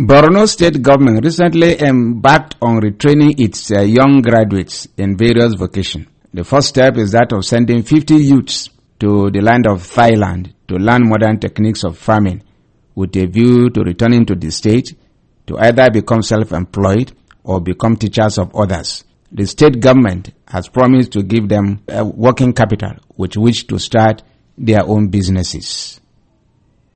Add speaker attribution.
Speaker 1: Borno state government recently embarked on retraining its uh, young graduates in various vocations. The first step is that of sending 50 youths to the land of Thailand to learn modern techniques of farming with a view to returning to the state to either become self-employed or become teachers of others. The state government has promised to give them a uh, working capital with which to start their own businesses.